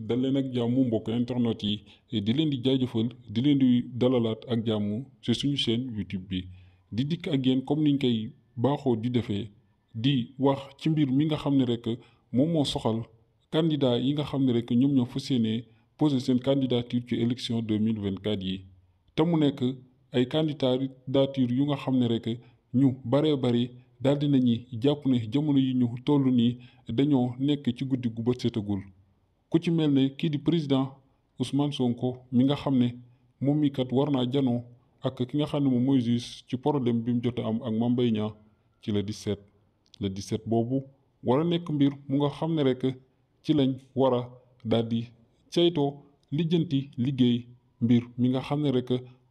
dal leen ak jàmm mbokk internet yi di leen di jaajëfal di leen di dalalaat ak jàmm ci suñu chaîne YouTube bi di dikk ak yéen comme niñ koy baaxoo di defee di wax ci mbir mi nga xam ne rek moom moo soxal candidat yi nga xam ne rek ñoom ñoo fas yéenee posé seen candidature ci élection 2024 yi te mu nekk ay candidature yu nga xam ne rek ñu baree bari daal ñi jàpp ne jamono yi ñu toll nii dañoo nekk ci guddi gu ba setagul ku ci mel ne kii di président Ousmane Sonko mi nga xam ne moom miikat war naa janoo ak ki nga xam ne moom mooy juge ci problème bi mu jot a am ak Mame Mbaye Niang ci le 17 le 17 boobu war a nekk mbir mu nga xam ne rek ci lañ war a daal di ceytoo lijjanti liggéey mbir mi nga xam ne rek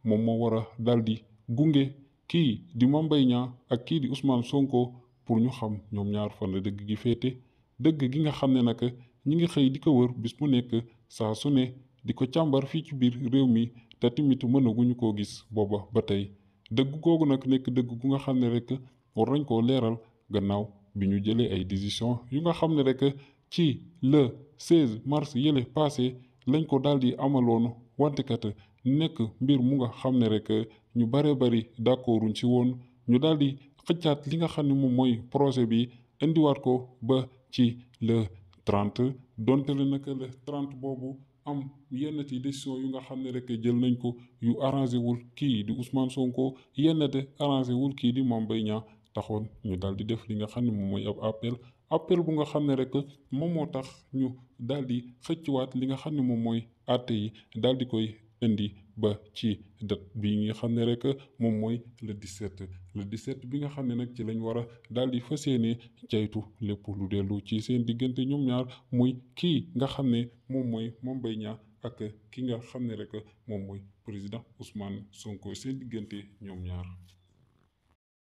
moom moo war a daal di gunge kii di Mame Mbaye Niang ak kii di Ousmane Sonko pour ñu xam ñoom ñaar fan la dëgg gi féete dëgg gi nga xam ne nag ñu ngi xëy di ko wër bis mu nekk saa su ne di ko càmbar fii ci biir réew mi te tamit mënaguñu koo gis booba ba tey dëgg googu nag nekk dëgg gu nga xam ne rek war nañ koo leeral gannaaw bi ñu jëlee ay décision yu nga xam ne rek ci le 16 mars yële passé lañ ko daal di amaloon wantekat nekk mbir mu nga xam ne rek ñu bare bari d'accorduñ ci woon ñu daal di xëccaat li nga xam ne moom mooy projet bi indiwaat ko ba ci le trente donte le naka le trente boobu am yenn ci décision yu nga xam ne rek jël nañ ko yu arrangé wul kii di Ousmane Sonko yenn te arrangé wul kii di Mame Mbaye Niang taxoon ñu daal di def li nga xam ne moom mooy ab appel appel bu nga xam ne rek moom moo tax ñu daal di xëccuwaat li nga xam ne moom mooy àtte yi daal di koy indi ba ci date bi nga xam ne rek moom mooy le 17 le 17 bi nga xam ne nag ci lañ war a daal di fas yéene caytu lépp lu dellu ci seen diggante ñoom ñaar muy kii nga xam ne moom mooy moom bay ñaar ak ki nga xam ne rek moom mooy président Ousmane Sonko seen diggante ñoom ñaar.